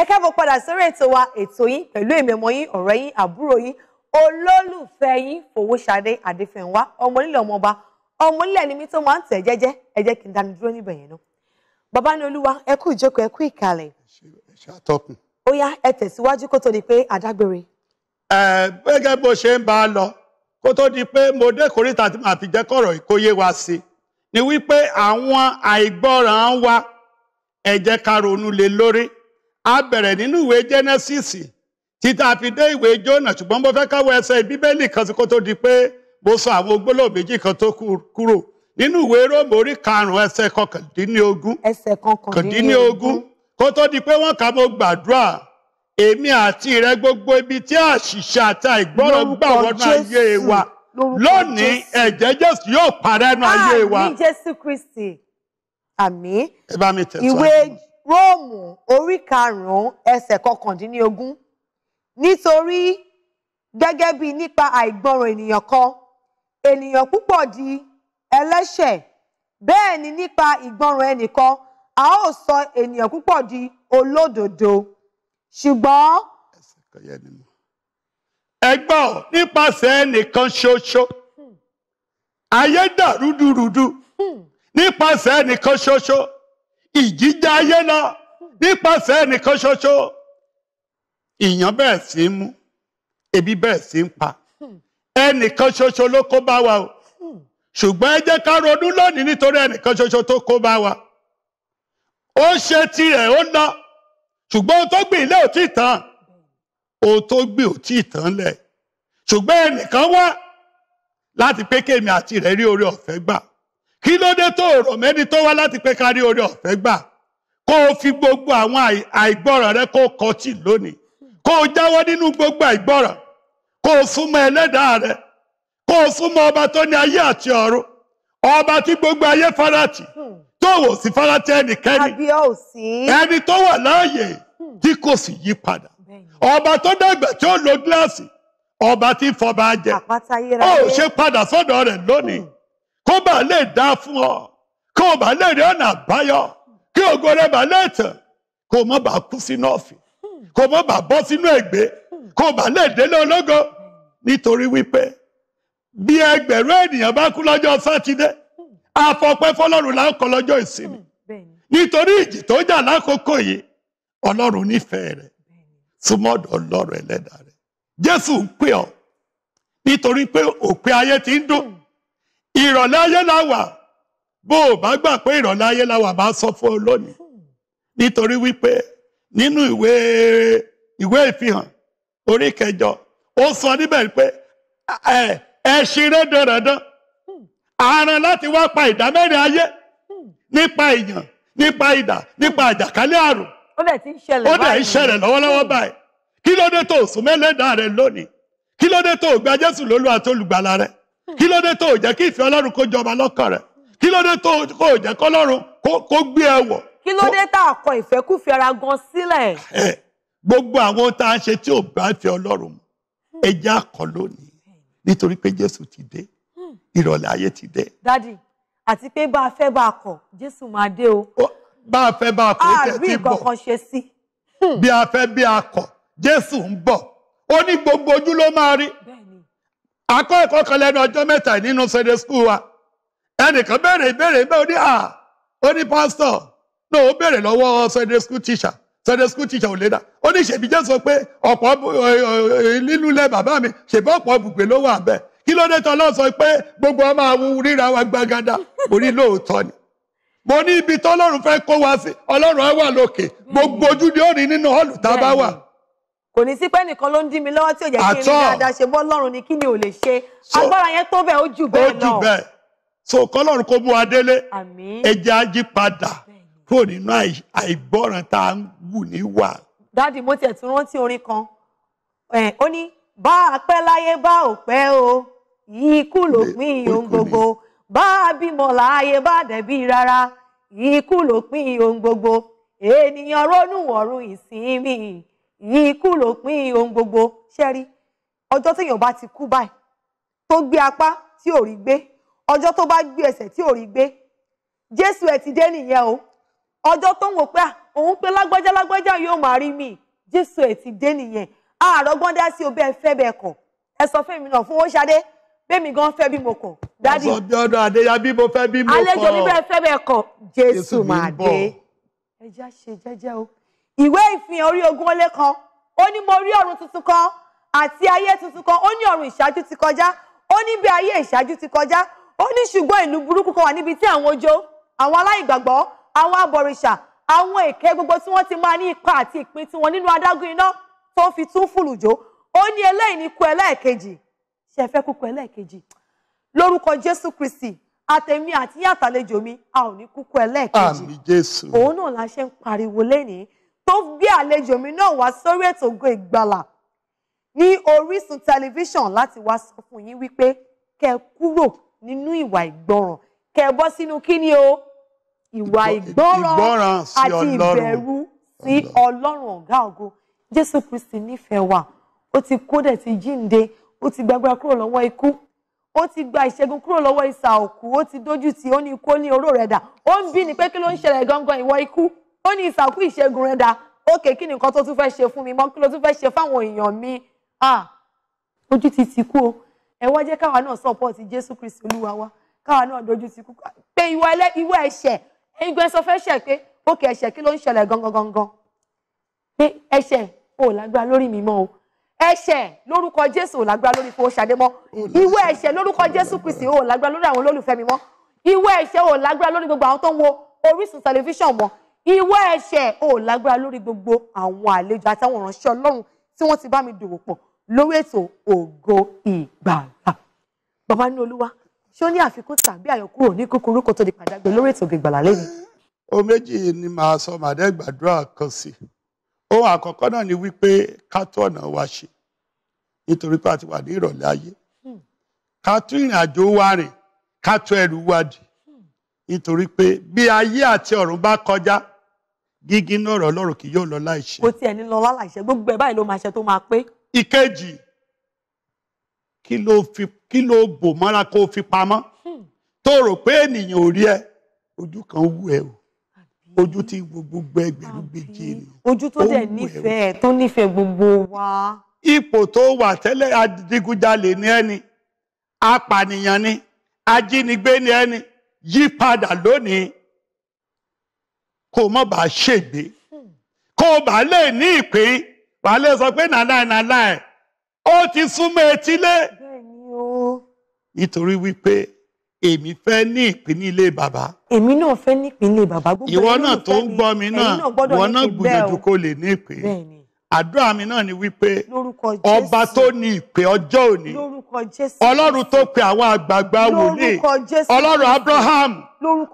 ẹ kẹ́bọ̀ padà sórí ètò wa ètò yín pẹ̀lú èmẹ̀mọ́ yín ọ̀rẹ́ yín àbúrò yín olólùfẹ́ yín Fowóṣadé Adéfẹ́nwá ọmọ nílẹ̀ ọmọọba ọmọ nílẹ̀ ni mí tó máa ń tẹ̀ jẹ́jẹ́ ẹ jẹ́ kí n dánu dúró níbẹ̀ yẹn náà bàbá ní olúwa ẹ kú ìjókòó ẹ kú ìkàlẹ̀. ó yá ẹ tẹ̀síwájú kó tó di pé adágbére. ẹ gẹ́gẹ́ bó ṣe ń bá a lọ kó tó di pé mo dé kórìtà tí màá fi jẹ́ kọ̀rọ̀ ìkóyè wa sí ni wípé àwọn àìgbọràn wa ẹ jẹ́ ká ronú lé lórí a bẹ̀rẹ̀ nínú ìwé jẹ́nẹ́sìsì títí a fi dé ìwé jónà ṣùgbọ́n mo fẹ́ káwọ ẹsẹ̀ bíbélì kan sí kó tó di pé mo sọ àwọn gbólóhùn méjì kan tó kúrò nínú ìwé róòmù orí karùn-ún ẹsẹ̀ kọkàndínlógún ẹsẹ̀ kọkàndínlógún kó tó di pé wọ́n kà mo gbàdúrà èmi àti rẹ gbogbo ibi tí àṣìṣe àti àìgbọ́rọ̀ gbà wọnú ayé wa lónìí ẹ̀jẹ̀ jésù yóò parẹ́ nù ayé wa. àmín jésù kristi àmín ìwé róòmù orí karùnún ẹsẹ̀ kọkàndínlógún nítorí gẹ́gẹ́ bí nípa àìgbọràn ènìyàn kan ènìyàn púpọ̀ di ẹlẹ́ṣẹ̀ bẹ́ẹ̀ ni nípa ìgbọràn ẹnìkan a ó sọ ènìyàn púpọ̀ di olódodo ṣùgbọ́n. ẹ gbọ́ nípasẹ̀ ẹnìkan ṣoṣo hmm. ayé dàrú dúrúdú hmm. nípasẹ̀ ẹnìkan ṣoṣo ìjíjà ayé lọ nípasẹ̀ ẹnìkan ṣoṣo ìyàn bẹ́ẹ̀ sí mú ebi bẹ́ẹ̀ sí ń pa ẹnìkan ṣoṣo ló kó bá wa o ṣùgbọ́n ẹ jẹ́ ká ronú lónìí nítorí ẹnìkan ṣoṣo tó kó bá wa ó ṣe tirẹ̀ ó lọ ṣùgbọ́n ohun tó gbìn ilé ò tí tán ohun tó gbìn ò tí tán lẹ̀ ṣùgbọ́n ẹnìkan wá láti pé kémi àti rẹ̀ rí oore ọ̀fẹ́ gbà kí ló dé tó rọ̀ mẹ́ni tó wá láti pé kárí oore ọ̀fẹ́ gbà kó o fi gbogbo àwọn àìgbọ́ràn rẹ kó o kọtì lónìí kó o jáwọ́ nínú gbogbo àìgbọ́ràn kó o súnmọ́ ẹlẹ́dàá rẹ kó o súnmọ́ ọba tó ní ayé àti ọ̀run ọba tí gbogbo ayé farati tó wò sí farati ẹnikẹ́ni ẹni tó wà láàyè tí kò sì yí padà ọba tó dàgbà tí ó lo gíláàsì ọba tí fọba jẹ ó ṣe padà sọ́dọ̀ rẹ̀ lónìí. Hmm. Kọba bá lè dá fún ọ kó o bá lè rí ọ̀nà àbáyọ kí ògo rẹ bá lè tàn kó o má bàa kú sínú ọ̀fìn kó o má bàa bọ́ sínú ègbé kó o bá lè délé ológo nítorí wípé bí ẹgbẹ̀rún ènìyàn bá kú lọ́jọ́ sátidé àfọpẹ́ fọlọ́run láǹkọ́ lọ́jọ́ ìsinmi hmm, nítorí ìjì tó jà lákòókò yìí ọlọ́run nífẹ̀ẹ́ rẹ̀ súnmọ́dọ̀ ọlọ́run ẹlẹ́dàá rẹ̀ jésù ń pè ọ́ nítorí pé òpin ayé ti ń dùn hmm. ìrọ̀lẹ́ ayé la wà bó o bá gbà pé ìrọ̀lẹ́ ayé la wà bá sọ fún ọ lónìí nítorí wípé nínú ìwé ìwé ìfihàn orí kẹjọ ó sọ níbẹ̀ pé ẹṣin rédèrèdán àrùn láti wá pa ìdá mẹ́rin ayé nípa ìyàn nípa ìdà nípa àjàkálẹ̀ àrùn ó dẹ̀ ń ṣẹlẹ̀ lọ́wọ́lọ́wọ́ báyìí kí ló dé tó Jésù kí ló dé tó o jẹ́ kí ìfẹ́ ọlọ́run kó jọba lọ́kàn rẹ̀ kí ló dé tó o jẹ́ kó ọlọ́run kó gbé ẹ wọ̀. kí ló dé tá a kọ ìfẹ́kùfẹ́ ara gan sílẹ̀. gbogbo àwọn tá a ṣe tí ò bá fẹ́ ọlọ́run ẹ jẹ́ akọ lónìí nítorí pé jésù ti dé hmm. ìrọ̀lẹ́ ayé ti dé. dádì àti pé bá a fẹ́ bá a kọ̀ jésù máa dé o. bá a fẹ́ bá a kọ̀ ó tẹ̀ sí bọ̀ àbí nǹkan kan ṣe sí. Hmm. bí a fẹ́ bí a kọ̀ jésù ń bọ̀ ó ní gbogbo ojú ló máa rí. bẹ́ẹ̀ akọ́ ẹ̀kọ́ kan lẹnu ọjọ mẹ́ta nínú sunday school wa ẹnìkan béèrè ìbéèrè bẹ́ẹ̀ ó ní à ah! ó ní pásítọ̀ náà ó béèrè lọ́wọ́ sunday school teacher sunday school teacher ò lè dà ó ní ṣèbí jẹ́ sọ pé ọ̀pọ̀ lílúlẹ̀ bàbá mi ṣèbí ọpọ bùgbé ló wà bẹ́ẹ̀ kí ló dé tọ́lọ́ sọ pé gbogbo ọmọ àwọn ríra wa gbagada orí lóòótọ́ ni mo ní ibi tọ́lọ́run fẹ́ kó wa sí ọlọ́run á wà lókè gbogbo ojú ni ó rí nínú hall tá a bá wà. kò ní sí pé nìkan ló ń dí mi lọ́wọ́ tí ò jẹ́ kí n rí dáadáa ṣe bọ́ lọ́run ni kí ni ò lè ṣe agbára yẹn tó bẹ́ẹ̀ ó jù bẹ́ẹ̀ náà. ó jù bẹ́ẹ̀ so kọ́lọ́run kó mú wa délé ẹja yí padà kúrò nínú àìgbọ́ràn tá a ń wù ní wà. dáàdi mo tiẹ̀ tún rántí orin kan ó ní bá a pẹ́ láyé bá ò pẹ́ o ikú lòpin ohun gbogbo bá a bímọ láàyè bá dẹ̀bí rárá ikú lòpin ohun gbogbo ènìyàn ronú ọ̀run ìsinmi yìí kú lópin ohun gbogbo ṣẹ́rí ọjọ́ téèyàn bá ti kú báyìí tó gbé apá tí ò rí gbé ọjọ́ tó bá gbé ẹsẹ̀ tí ò rí gbé Jésù ẹ̀ ti dé nìyẹn o ọjọ́ tó ń wò pé òun pé lágbájá lágbájá yóò máa rí mi Jésù ẹ̀ ti dé nìyẹn àrọ́gbọ́n dá sí obẹ́ fẹ́ bẹ́ẹ̀ kọ̀ ẹ sọ fún èmi náà fún Owóṣadé bẹ́ẹ̀mi gan fẹ́ bí mo kọ̀ dádì ọ̀sán bí ọdún Adéyabí mo fẹ́ bí mo kọ̀ àlejò mi bẹ́ẹ̀ fẹ́ bẹ́ẹ̀ kọ̀ Jésù máa dé ẹ já ṣe jẹ́jẹ́ o ìwé ìfihàn orí ogún ó lé kan ó ní mo rí ọ̀run tuntun kan àti ayé tuntun kan ó ní ọ̀run ìṣáájú ti kọjá ó ní bí ayé ìṣáájú ti kọjá ó ní ṣùgbọ́n ìlú burúkú kan wà níbi tí àwọn ojó àwọn aláìgbàgbọ́ àwọn abọ̀rìṣà àwọn èké gbogbo tí wọ́n ti máa ní ipa àti ìpín tiwọn nínú adágún iná tó fi tún fùlùjó ó ní eléyìí ní kú ẹlẹ́ẹ̀kejì ṣe fẹ́ kú kú ẹlẹ́ẹ̀kejì lórúkọ Jésù Kristi àtẹ̀mí àti yàtàlejò mi a ò ní kú kú ẹlẹ́ẹ̀kejì òun náà la ṣe ń pariwo lénìí tó gbé àlejò mi náà wá sórí ètò Ògo Ìgbàlà ní Orísun tẹlifíṣàn láti wá sọ fún yín wípé kẹ́ kúrò nínú ìwà ìgbọràn kẹ́ bọ́ sínú kíni o ìwà ìgbọràn àti ìbẹ̀rù sí Ọlọ́run ọ̀gá ògo Jésù Kristi nífẹ̀ẹ́ wa ó ti kó dẹ̀ ti jíǹde ó ti gbàgbára kúrò lọ́wọ́ ikú ó ti gba ìṣẹ́gun kúrò lọ́wọ́ ìsà òkú ó ti dójú tì ó ní ikú ó ní oró rẹ̀ dà ó ń bí ni pé kí ló ń ṣẹlẹ̀ gangan ìwọ ikú ó ní ìsàkú ìṣègùn rẹ dá ókè kí ni nǹkan tó tún fẹ́ ṣe fún mi mọ́ kí ló tún fẹ́ ṣe fáwọn èèyàn mi ah, ojú ti ti kú o ẹ wá jẹ́ káwa náà support Jésù Kristi Olúwa wa káwa náà dojú ti kú pé ìwà ìwà ẹ̀ṣẹ̀ ẹ̀yin gan sọ fẹ́ ṣẹ̀ pé ókè ẹ̀ṣẹ̀ kí ló ń ṣẹlẹ̀ gangan gangan pé ẹ̀ṣẹ̀ ò lágbára lórí mi mọ́ o ẹ̀ṣẹ̀ lórúkọ Jésù ò lágbára lórí fowó ṣadé mọ́ ìwà ẹ̀ṣẹ̀ lórúkọ Jésù Kristi ò lágbára lórí àwọn olólùfẹ́ mi mọ́ ìwà ẹ̀ṣẹ̀ ò lágbára lórí gbogbo àwọn tó ń wo Orísun tẹlifíṣàn mọ́ ìwọ ẹ̀ṣẹ̀ ò lágbára lórí gbogbo àwọn àlejò àtàwọn ìránṣẹ́ Ọlọ́run tí wọ́n ti bá mi dòwò pọ̀ lórí ètò ògo ìgbàlà bàbá ní olúwa ṣé ó ní àfikún tàbí àyọkúrò ní kúkúrú kó tó di pàdágbé lórí ètò ògo ìgbàlà lẹ́yìn. méjì ni màá sọ màdé gbàdúrà kan sí ohun àkọ́kọ́ náà ni wípé ká tún ọ̀nà wa ṣe nítorí pé a ti wà ní ìrọ̀lẹ́ ayé hmm. ká tún ìrìn àjò wa rìn ká tún ẹrù wa dì hmm. nítorí pé bí ayé àti ọ̀run bá kọjá gígí inú ọ̀rọ̀ ọlọ́run kì yóò lọ láìṣẹ. kò tiẹ̀ ní lọ láìṣẹ gbogbo ẹ̀ báyìí ló máa ṣe tó máa pé. ìkejì kí ló fi kí ló bò mọ́ra kó fi pamọ́ hmm. tó rò pé ènìyàn ò rí ẹ ojú kan wú ẹ o ojú tí gbogbo ẹgbẹ̀rún gbèjì ènìyàn ó wú ẹ o. ojú tó dẹ̀ nífẹ̀ẹ́ tó nífẹ̀ẹ́ gbogbo wa. ipò tó wà tẹ́lẹ̀ adigunjalè ní ẹni apànìyàn ni ajínigbé ní ẹni yí padà lónìí kó má bàa ṣègbè kó bàa lè ní ìpín wàá lè sọ pé nàláì nàláì ó ti súnmọ́ etílé nítorí wípé èmi fẹ́ ní ìpín nílé bàbá. èmi náà fẹ́ ní ìpín bàbá. ìwọ náà tó ń gbọ́ mi náà ìwọ náà gbìyànjú kó lè ní ìpín àdúrà mi náà ni wípé ọba tó ní ìpè ọjọ́ òní ọlọ́run tó pe àwọn àgbààgbà wòlíì ọlọ́run Abraham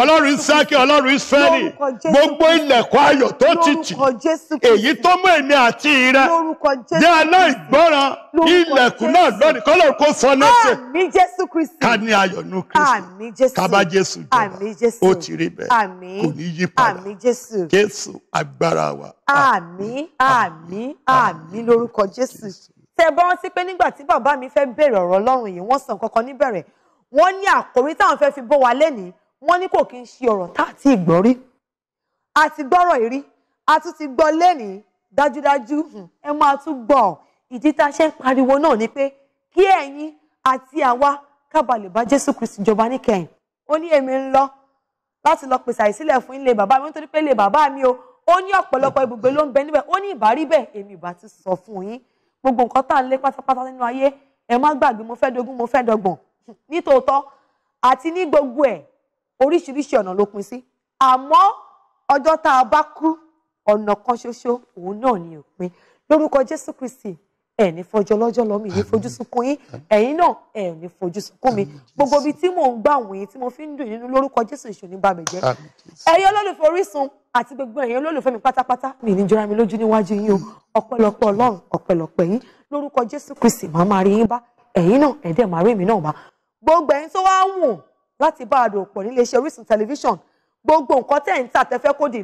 ọlọ́run Isaki ọlọ́run Israẹli gbogbo ilẹ̀kùn ayọ̀ tó ti tì èyí tó mú èmi àti rẹ ní aláìgbọ́ràn ilẹ̀kùn náà lónìí kọ́lọ̀ kó fọ́nà ṣe. àmín jésù kristi. ká ní ayọ̀ nú kristi. àmín jésù. ká jésù ó ti rí bẹ́ẹ̀. àmín kò ní yí padà. àmín jésù. jésù agbára wa. àmín àmín àmín lórúkọ jésù. tẹ bá sí pé nígbà tí bàbá mi fẹ́ bẹ̀rẹ̀ ọ̀rọ̀ ọlọ́run yìí wọ́n sàn kankan níbẹ̀rẹ̀ wọ́n ní àkòrí táwọn fẹ́ fi bó wa lẹ́nìí wọ́n ní kò kí ń ṣe ọ̀rọ̀ tá àti ìgbọ́ gbọ́rọ̀ ìrí a tún ti gbọ́ lẹ́nìí dájúdájú hmm, ẹ máa tún gbọ́ ọ ìdí tá a ṣe ń pariwo náà ni pé kí ẹ̀yin àti àwa kábàlè bá Jésù Kristi jọba níkẹyìn ó ní èmi ń lọ láti lọ pèsè àìsílẹ̀ fún ilé bàbá mi nítorí pé ilé bàbá mi o ó ní ọ̀pọ̀lọpọ̀ ibùgbé ló ń bẹ níbẹ̀ ó ní ìbárí bẹ́ẹ̀ èmi ìbá ti sọ fún yín gbogbo nǹkan tá à ń lé pátápátá nínú ayé ẹ má gbàgbé mo fẹ́ dogún mo fẹ́ dọgbọ̀n nítòótọ́ àti ní gbogbo ẹ̀ oríṣiríṣi ọ̀nà ló pin sí àmọ́ ọjọ́ tá a bá kú ọ̀nà kan ṣoṣo òun náà ni òpin lórúkọ Jésù Kristi ẹ ní fojú ọlọ́jọ́ lọ mi ní fojú sunkún yín ẹ̀yin náà ẹ ní fojú sunkún mi gbogbo ibi tí mò ń gbà wọ̀nyí tí mo fi ń dùn nínú lórúkọ Jésù ìṣòro ní bàmí jẹ́ ẹ̀yin olólùfẹ́ Orísun àti gbogbo ẹ̀yin olólùfẹ́ mi pátápátá mi ní jọra mi lójú níwájú yín o ọpẹ́lọpẹ́ Ọlọ́run ọpẹ́lọpẹ́ yín lórúkọ Jésù Kristi màá máa rí yín bá ẹ̀yin náà ẹdẹ màá rí mi náà bá gbogbo ẹ̀yin tó wá ń wò láti bá a dòpọ̀ níléeṣẹ́ Orísun tẹlifíṣàn gbogbo nǹkan tẹ̀ ń tà tẹ́fẹ́ kó di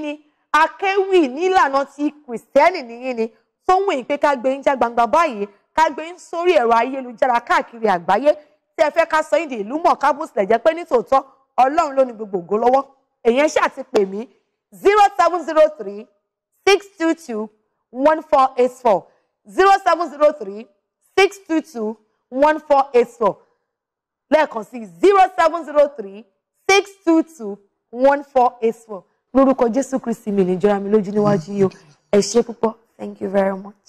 ìlú akéwì nílànà ti kìrìsìtẹ́nì nìyí ni tó ń wòye pé ká gbé ń já gbangba báyìí ká gbé ń sórí ẹ̀rọ ayélujára káàkiri àgbáyé tí ẹ fẹ́ ká sọ yìí di ìlú mọ̀ ká bó tilẹ̀ jẹ́ pé nítòótọ́ ọlọ́run ló ní gbogbo ògo lọ́wọ́ èèyàn ṣáà ti pè mí zero seven zero three six two two one four eight four zero seven zero three six two two one four eight four lẹ́ẹ̀kan sí zero seven zero three six two two one four eight four lórúkọ jésù kristi mi lè jọra mi lójú níwájú yìí o ẹ ṣe púpọ̀ thank you very much.